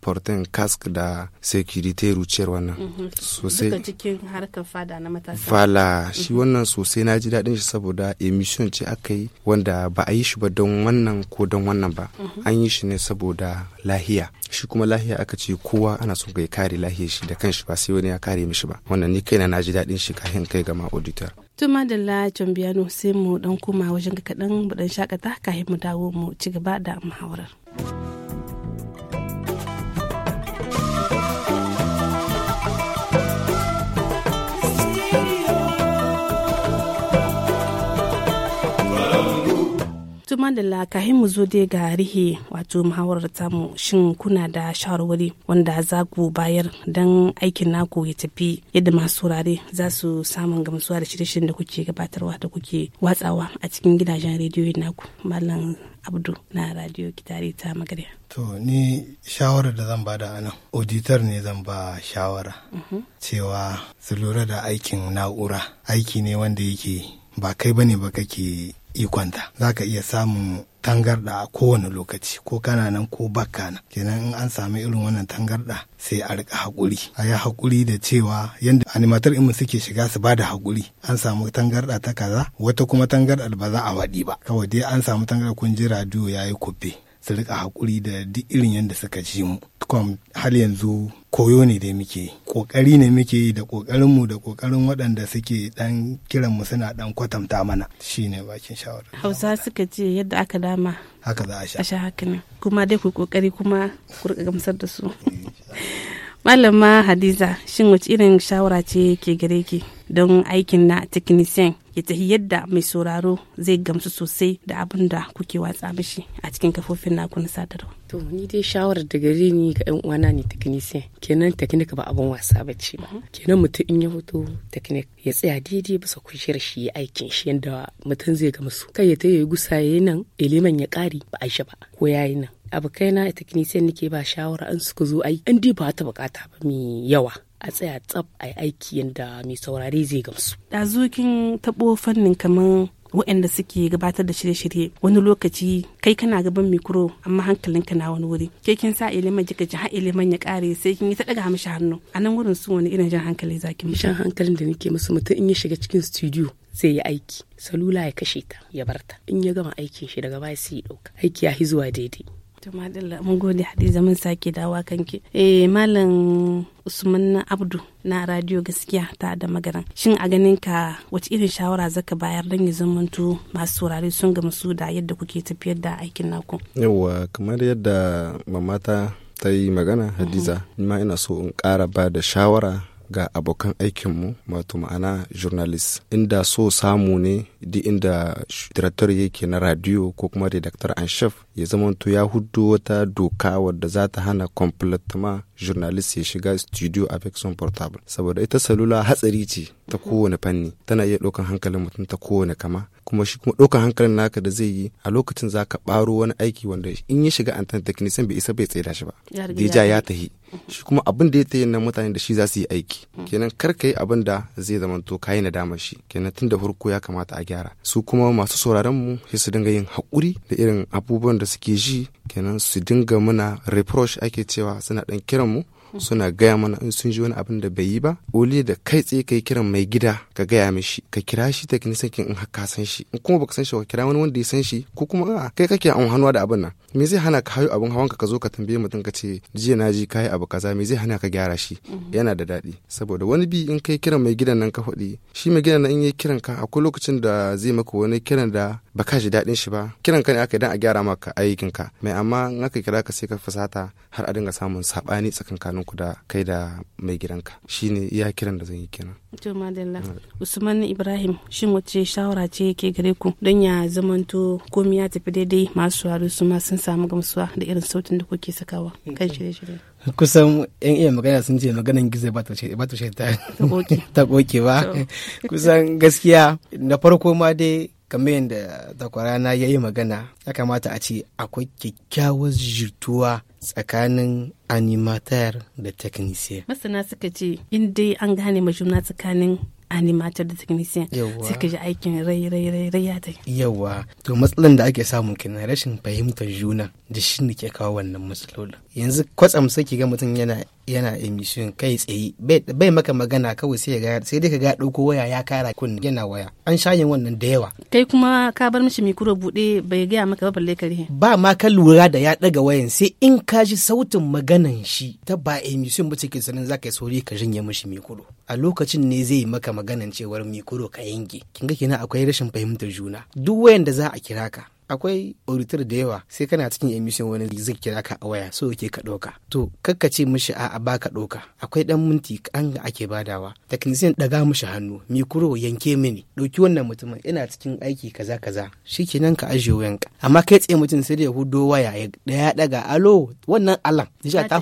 portain cask da security ruciyar wannan mhm. sosai duka cikin harkar fada na matasa fala shi mhm. wannan sosai na ji daɗin shi saboda emission ce aka yi wanda ba a yi shi ba don wannan ko don wannan ba mhm. an yi shi ne saboda lahiya shi kuma lahiya aka ce kowa ana so ga kare lahiyar shi da kanshi ba sai ya kare mishi ba wannan ni kaina na ji daɗin shi kafin kai gama auditor to madalla can biyano sai mu dan koma wajen ka kaɗan mu dan shakata kafin mu dawo mu ci gaba da muhawarar. tuma da lakahin mu zo dai ga rihe wato muhawarar mu shin kuna da shawarwari wanda za ku bayar don aikin naku ya tafi yadda masu saurare za su samun gamsuwa da shirye-shiryen da kuke gabatarwa da kuke watsawa a cikin gidajen rediyo naku malam abdu na radio kitare ta magarya to ni shawarar da zan bada a nan auditor ne zan ba shawara mhm. cewa su lura da aikin na'ura aiki ne wanda yake ba kai bane ba kake ikonta za ka iya samun tangarɗa a kowane lokaci ko kana nan ko baka nan kenan in an sami irin wannan tangarɗa sai a rika haƙuri a yi haƙuri da cewa yadda animatar in suke shiga su bada haƙuri an samu tangarɗa ta kaza wata kuma tangarda ba za a waɗi ba kawai dai an samu tangarɗa kun ji radiyo ya yi kubbe su rika hakuri da duk irin yadda suka ji mu kwam har yanzu koyo ne da muke kokari ne muke yi da ƙoƙarinmu da kokarin waɗanda suke dan kiran mu suna dan kwatanta mana shine bakin shawara hausa suka ce yadda aka dama haka za a sha a sha haka kuma dai ku kokari kuma ku gamsar da su malama hadiza shin wace irin shawara ce ke gare ki don aikin na technician ya tafi yadda mai sauraro zai gamsu sosai da abin da kuke watsa mishi a cikin kafofin naku na sadarwa to ni dai shawarar da gare ni ga yan uwana ne technician kenan technic ba abin wasa ba ce ba mhm. kenan mutum in ya hoto technic ya tsaya daidai bisa kushiyar shi ya aikin shi yadda mutum zai gamsu kai ya ta yi gusa yayi nan eleman ya kari ba a ba ko ya yi nan abokaina technician nake ba shawara an suka zo ai an ba ta bukata ba mai yawa a tsaya tsab a yi aiki yadda mai saurari zai gamsu. Da Ɗazukin taɓo fannin kamar waɗanda suke gabatar da shirye-shirye wani lokaci kai kana gaban mikro amma hankalinka na wani wuri ke kin sa ilimin kika ji har ilimin ya kare sai kin yi ta daga mishi hannu a nan wurin su wani irin jan hankali zaki mu jan hankalin da nake musu mutum in ya shiga cikin studio Sai ya aiki salula ya kashe ta ya barta in ya gama aikin shi daga baya sai ya dauka aiki ya hi zuwa daidai to mun gode hadiza mun sake dawa kanki eh malam usman na abdu na radio gaskiya ta da magaran shin a ganin ka wace irin shawara zaka bayar don ya zamanto masu saurare sun gamsu da yadda kuke tafiyar da aikin naku yawa kamar yadda mamata ta yi magana hadiza mm-hmm. ma ina so in kara ba da shawara ga abokan aikinmu wato ma'ana journalist inda so samu ne di inda director yake na radio ko kuma redactor an chef ya zamanto ya hudu wata doka wadda za ta hana completema journalist ya shiga studio avec son portable saboda ita salula hatsari ce ta kowane fanni tana iya ɗaukan hankalin mutum ta kowane kama kuma shi kuma ɗaukar hankalin naka da zai yi a lokacin za ka ɓaro wani aiki wanda in ya shiga antan technician bai isa bai tsaida shi ba da ja ya tahi shi kuma abin da ya tayi nan mutane da shi za su yi aiki kenan kar ka yi abin da zai zamanto kayi nadamar shi kenan tun da farko ya kamata a gyara su kuma masu sauraron mu sai su dinga yin haƙuri da irin abubuwan da suke ji kenan su dinga muna reproach ake cewa suna ɗan kiran mu suna gaya mana in sun ji wani abin da bai yi ba oli da kai tsaye kai kiran mai gida ka gaya mishi ka kira shi sakin in haka san shi in kuma baka san shi ka kira wani wanda ya san shi ko kuma a kai kake an hannuwa da abin nan me zai hana ka hayo abin hawan ka zo ka tambaye mutum ka ce jiya na ji kai abu kaza me zai hana ka gyara shi mhm. yana da daɗi saboda wani bi in kai kiran mai gidan nan ka faɗi shi mai gidan nan in yi kiran ka akwai lokacin da zai maka wani kiran da ba ka ji daɗin shi ba kiran ka ne aka idan a gyara maka aikin ka mai amma in aka kira ka sai ka fasata har a dinga samun sabani tsakankanin ku da kai da mai gidanka shine iya kiran da zan yi kenan to madalla mm. usman ibrahim shin wace shawara ce yake gare ku don ya zamanto komai ya tafi daidai masu sauraro su ma sun samu gamsuwa da irin sautin da kuke sakawa kan mm. shirye-shirye kusan yan iya magana sun ce maganan gizo ba ta ta koke ba kusan gaskiya na farko ma dai kamar yadda takwarana ya yi magana ya kamata a ce akwai kyakkyawar jituwa tsakanin animatar da technician masana suka ce in dai an gane majuna tsakanin animatar da technician sai ka ji aikin rai rai rai rai ya tai yawa to matsalan da ake samun kenan rashin fahimtar juna da shi ne ke kawo wannan matsalolin yanzu kwatsam sai ki ga mutum yana yana emission kai tsaye bai maka magana kawai sai ga sai dai ka ga dauko waya ya kara kun yana waya an shayin wannan da yawa kai kuma ka bar mishi mikro bude bai gaya maka ba balle kare ba ma ka lura da ya daga wayan sai in ka ji sautin maganan shi ta ba emission ba cikin sanin zaka yi sauri ka jinya mishi mikro a lokacin ne zai maka maganan cewar mikro ka yanke kin ga kina akwai rashin fahimtar juna duk wayan da za a kira ka akwai auditor da yawa sai kana cikin emission wani zai kira ka a waya so ke ka ɗauka to kakka ce mishi a'a ba ka ɗauka akwai ɗan minti an da ake badawa technician ɗaga mishi hannu mikro yanke mini ɗauki wannan mutumin ina cikin aiki kaza kaza shikenan ka ajiye wayanka amma kai tsaye mutum sai da ya hudo waya ya daga alo wannan alam ta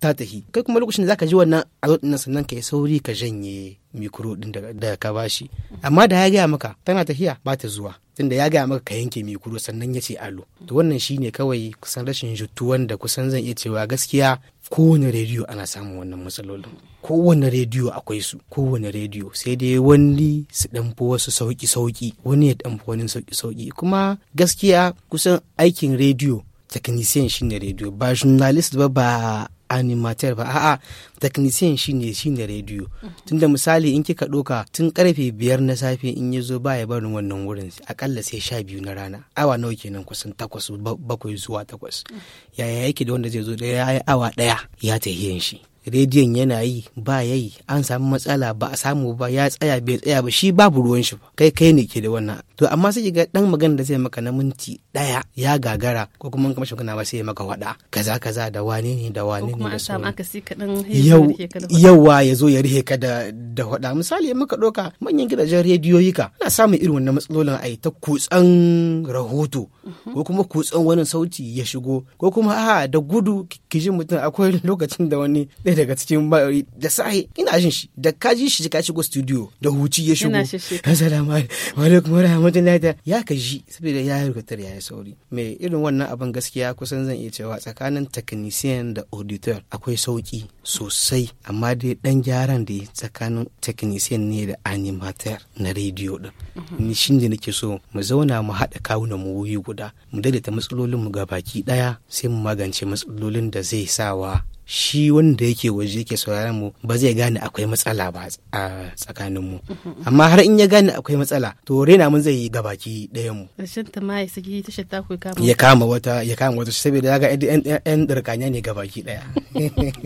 ta tahi kai kuma lokacin da zaka ji wannan alo ɗin sannan ka yi sauri ka janye mikro din da ka bashi amma da ya gaya maka tana tafiya ba ta zuwa tunda ya gaya maka ka yanke mikro sannan ya ce allo to wannan shine kawai kusan rashin jituwan wanda kusan zan iya cewa gaskiya kowane rediyo ana samun wannan matsalolin kowane rediyo akwai su kowane rediyo sai dai wani su ɗanfi wasu sauki sauki wani ya ɗanfi wani sauki sauki kuma gaskiya kusan aikin rediyo technician shine rediyo ba journalist ba ba animator ba a'a technician shine shine radio tunda misali in kika doka tun karfe biyar na safe in ya zo baya barin wannan wurin akalla sai sha biyu na rana awa nawa kenan kusan takwas bakwai zuwa takwas yaya yake da wanda zai zo da ya awa daya ya tahiyan shi rediyon yana yi ba ya yi an samu matsala ba a samu ba ya tsaya bai tsaya ba shi babu ruwan shi ba kai kai ne ke da wannan to amma sai ga dan magana da zai maka na minti daya ya gagara ko kuma kamar shugana ba sai maka wada kaza kaza da wane ne da wane ne da yau yawa ya zo ya rihe ka da da wada misali maka doka manyan gidajen rediyoyi ka ana samun irin wannan matsalolin ai ta kutsan rahoto mhm. ko kuma kutsan wani sauti ya shigo ko kuma a da gudu ki ji mutum akwai lokacin da wani daga cikin da sahi ina jin shi da ka ji shi ka shigo studio da huci ya shigo assalamu alaikum wa rahmatullahi ta ya ka ji saboda ya yi rubutar ya yi sauri me irin wannan abin gaskiya kusan zan iya cewa tsakanin technician da auditor akwai sauki sosai amma dai dan gyaran da tsakanin technician ne da animator na rediyo din mhm. ni shin da nake so mu zauna mu haɗa kawunan mu wuyi guda mu daidaita matsalolin mu ga baki daya sai mu magance matsalolin da zai sawa shi wanda yake waje yake sauraron mu ba zai gane akwai matsala ba a tsakanin mu amma har in ya gane akwai matsala to rena mun zai yi gabaki ɗayan mu rashin ta ma saki ta shatta ku kama ya kama wata ya kama wata saboda ya ga ɗan ɗarkanya ne gabaki ɗaya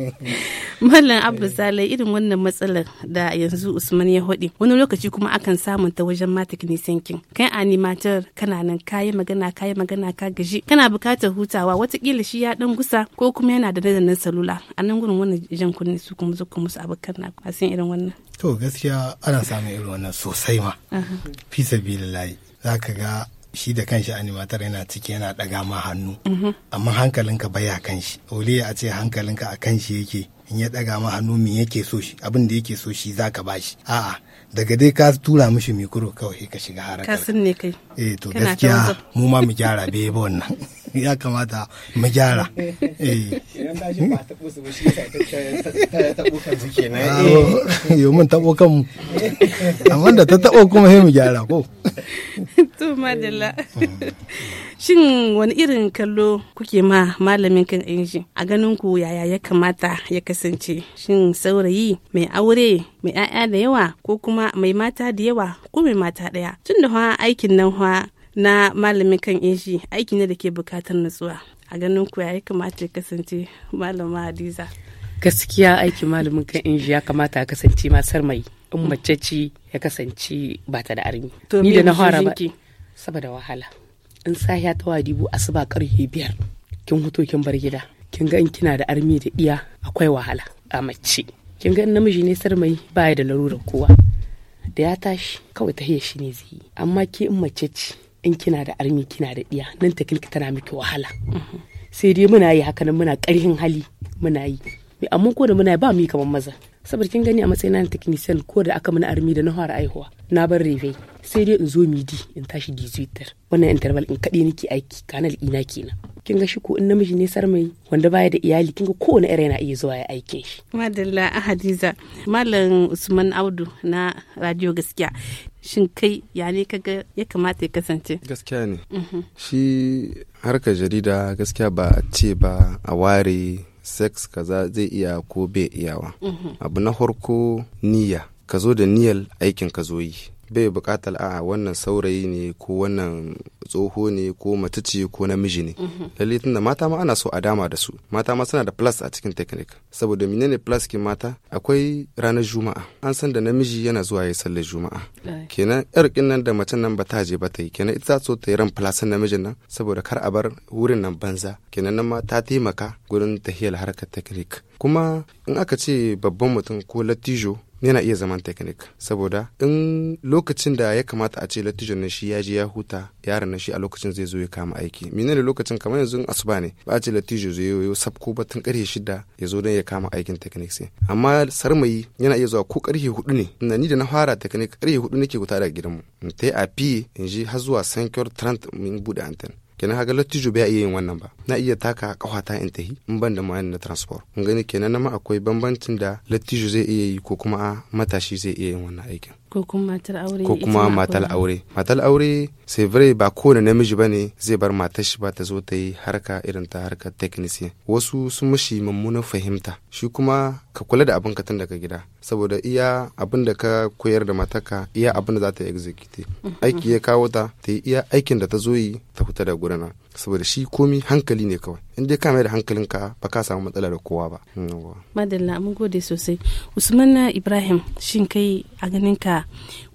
mallam abu zalai irin wannan matsalar da yanzu usman ya hodi wani lokaci kuma akan samun ta wajen ma technician kai animator kana nan kayi magana kayi magana ka gaji kana bukatar hutawa watakila shi ya dan gusa ko kuma yana da nazarin salula kula a nan gurin wannan jan kunne su kuma zuku musu abokan na a san irin wannan to gaskiya ana samun irin wannan sosai ma fi sabilillahi ka ga shi da kanshi animatar yana ciki yana daga ma hannu mhm. amma hankalinka baya kanshi ya a ce hankalinka a kanshi yake in ya daga ma hannu min yake so shi abin da yake so shi zaka shi a'a daga dai ka tura mishi mikro kawai ka shiga harakar ka ne kai eh to gaskiya mu ma mu gyara bai ba wannan ya kamata mu gyara eh idan ba ta busu ba shi ta ta kan kenan eh yo mun tabo kan amma da ta tabo kuma sai mu gyara ko to madalla mm. Shin wani irin kallo kuke ma malamin kan inji a ganin ku yaya ya kamata ya kasance? Shin saurayi mai aure mai 'ya'ya da yawa ko kuma mai mata da yawa ko mai mata ɗaya? Tun da aikin nan na malamin kan inji aiki ne da ke bukatar nutsuwa. a ganin ku yaya ya kamata ya kasance malama hadiza gaskiya aikin malamin kan inji ya kamata ya kasance masar mai in mm. mace ya kasance ba ta da armi ni da na fara ba saboda wahala in sahiya ta wadibu asuba karfe biyar kin huto kin bar gida kin ga in kina da armi da iya akwai wahala a mace kin ga namiji ne sarmai baya da larura kowa da ya tashi kawai ta shi ne zai yi amma ke in mace ce in kina da armi kina da iya nan ta kilki tana miki wahala sai dai muna yi haka nan muna karhin hali muna yi amma ko da muna ba mu yi kamar maza saboda kin gani a matsayin na ko da aka mana armi da na fara aihuwa na bar rife sai dai in zo midi in tashi 18 wannan interval in kaɗe nake aiki kanal ina kenan kin ga shi ko in namiji ne sar mai wanda baya da iyali kin ga kowane irin yana iya zuwa ya aike shi madalla ahadiza malam usman audu na radio gaskiya shin kai ya ne kaga ya kamata ya kasance gaskiya ne mhm. shi harkar jarida gaskiya ba a ce ba a ware sex kaza zai iya ko bai iyawa mhm. abu na farko niyya ka zo da niyyar aikin ka zo yi bai bukatar a wannan saurayi ne ko wannan tsoho ne ko matace ko namiji ne mhm. lalle tunda mata ma ana so a dama da su mata ma suna da plus a cikin teknik saboda menene plus kin mata akwai ranar juma'a an san da namiji yana zuwa ya sallar juma'a kenan yar nan da macen nan ba ta je ba ta yi kenan ita so ta yi ran plus namijin nan saboda kar a bar wurin nan banza kenan nan ma ta taimaka gurin tahiyar harkar teknik kuma in aka ce babban mutum ko latijo yana iya zaman teknik saboda in lokacin da ya kamata a ce latijan na shi ya je ya huta yaron na shi a lokacin zai zo ya kama aiki ne lokacin kamar yanzu asuba ne ba a ce latijo zai yo sabko batun karfe shida ya zo don ya kama aikin teknik sai amma sarmayi yana iya zuwa ko karfe hudu ne na ni da na fara teknik karfe hudu nake huta daga gidanmu in ta a fiye in ji har zuwa sankyar trant mun bude anten kenan haga lattijo bai iya yin wannan ba na iya taka kawata in tahi in ban da ma'ana na transport kun gani kenan ma akwai bambancin da lattijo zai iya yi ko kuma matashi zai iya yin wannan aikin ko kuma matar aure ko kuma matar aure matar aure sai vrai ba kowane namiji ne. zai bar matar shi ba ta zo ta yi harka irin ta harka technician wasu sun mushi mummunan fahimta shi kuma ka kula da abin ka tun daga gida saboda iya abin da ka koyar da mataka iya abin da za ta execute aiki ya kawo ta ta yi iya aikin da ta zo yi ta fita da gurana saboda shi komi hankali ne kawai in dai kame da hankalinka ba ka samu matsala da kowa ba madalla mun gode sosai usman ibrahim shin kai a ganin ka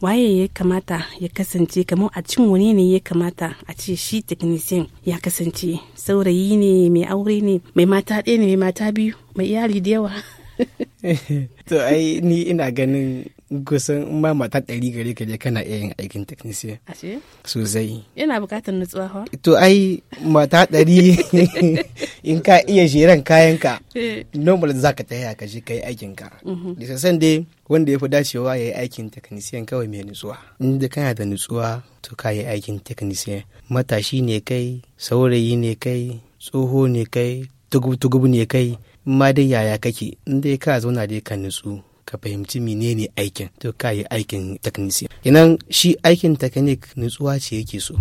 waye ya kamata ya kasance kamar a cin wani ne ya kamata a ce shi technician ya kasance saurayi ne mai aure ne mai mata ɗaya ne mai mata biyu mai iyali da yawa to ai ni ina ganin kusan ma mata ɗari gare ka je kana iya yin aikin technician. Ashe? Sosai. ina bukatar nutsuwa fa? To ai mata ɗari in ka iya jiran kayan ka eh. normal za ka taya ka je ka yi aikin ka. Mhm. Da sassan dai wanda ya fi dacewa ya yi aikin technician kawai mai nutsuwa. Inda kana da nutsuwa to ka yi aikin technician. Matashi ne kai, saurayi ne kai, tsoho ne kai, tugubu-tugubu ne kai. ma dai yaya kake in dai ka zauna dai ka nutsu ka fahimci menene aikin to ka yi aikin technician idan shi aikin technic nutsuwa ce yake so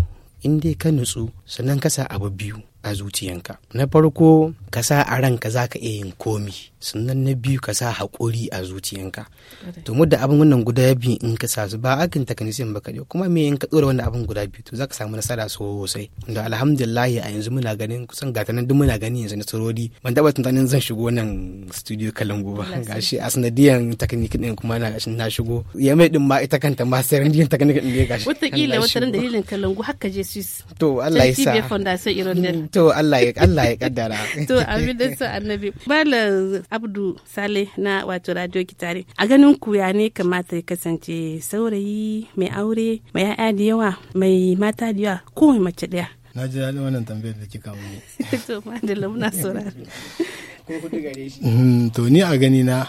in dai ka nutsu sannan ka sa abu biyu a zuciyanka na farko ka sa a ranka za ka iya yin komi sannan na biyu ka sa haƙuri a zuciyanka to da abin wannan guda biyu in ka sa su ba akin kan ba kaɗai kuma me in ka ɗora wannan abin guda biyu to za ka samu nasara sosai da alhamdulilahi a yanzu muna ganin kusan gata nan duk muna ganin yanzu nasarori ban taɓa tunanin zan shigo nan studio kalangu ba gashi a sanadiyan takanikin ɗin kuma na gashi na shigo ya mai ɗin ma ita kanta ma sai randiyan takanikin ɗin gashi wataƙila wata ran dalilin kalangu haka je su to Allah ya sa to Allah ya Allah ya kaddara to abin da su annabi bala abdu sale na wato radio kitare a ganin ku ya ne kamata ya kasance saurayi mai aure mai ya'ya da yawa mai mata da yawa ko mai mace daya na ji daɗin wannan tambayar da kika mu to da lamuna saurari ko kudu gare shi mm, to ni a gani na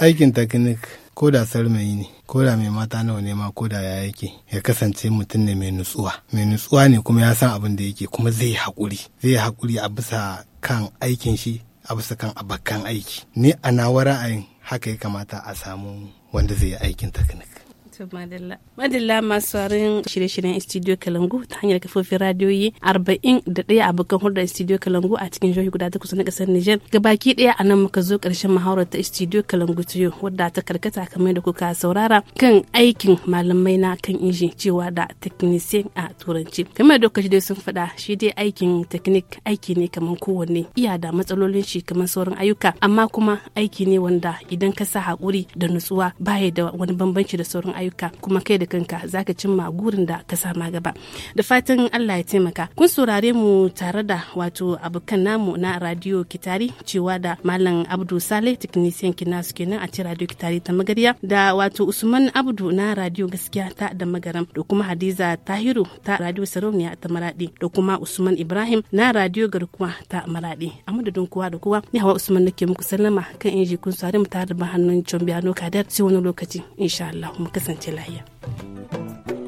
aikin teknik ko da sarmayi ne ko da mai mata nawa ne ma ko da ya yake ya kasance mutum ne mai nutsuwa mai nutsuwa ne kuma ya san abin da yake kuma zai haƙuri zai haƙuri a bisa kan aikin shi a bisa kan abakan aiki ni a nawa ra'ayin haka ya kamata a samu wanda zai yi aikin teknik To madilla madilla masu warin shirye-shiryen Studio Kalangu ta hanyar kafofin radiyoyi arba'in da ɗaya abokan hulɗar Studio Kalangu a cikin jihohi guda takwas na ƙasar Nijar. Gabaki ɗaya a nan muka zo ƙarshen muhawarar ta Studio Kalangu tiyo wadda ta karkata kamar da kuka saurara kan aikin malamai na kan inji cewa da technician a turanci. Kamar da kuka dai sun faɗa shi dai aikin teknik aiki ne kamar kowanne iya da matsalolin shi kamar sauran ayyuka amma kuma aiki ne wanda idan ka sa haƙuri da nutsuwa baya da wani bambanci da sauran ayyuka. rayuka kuma kai da kanka zaka cimma gurin da ka sama gaba da fatan Allah ya taimaka kun saurare mu tare da wato abokan namu na radio kitari cewa da malam Abdu Saleh technician kina su kenan a ci radio kitari ta magariya da wato Usman Abdu na radio gaskiya ta da magaram da kuma Hadiza Tahiru ta radio Sarauniya ta Maradi da kuma Usman Ibrahim na radio garkuwa ta Maradi a madadin kowa da kowa ni Hawa Usman nake muku sallama kan inji kun saurare mu tare da hannun Chombiano kadar sai wani lokaci insha Allah mu kasance الجلعيه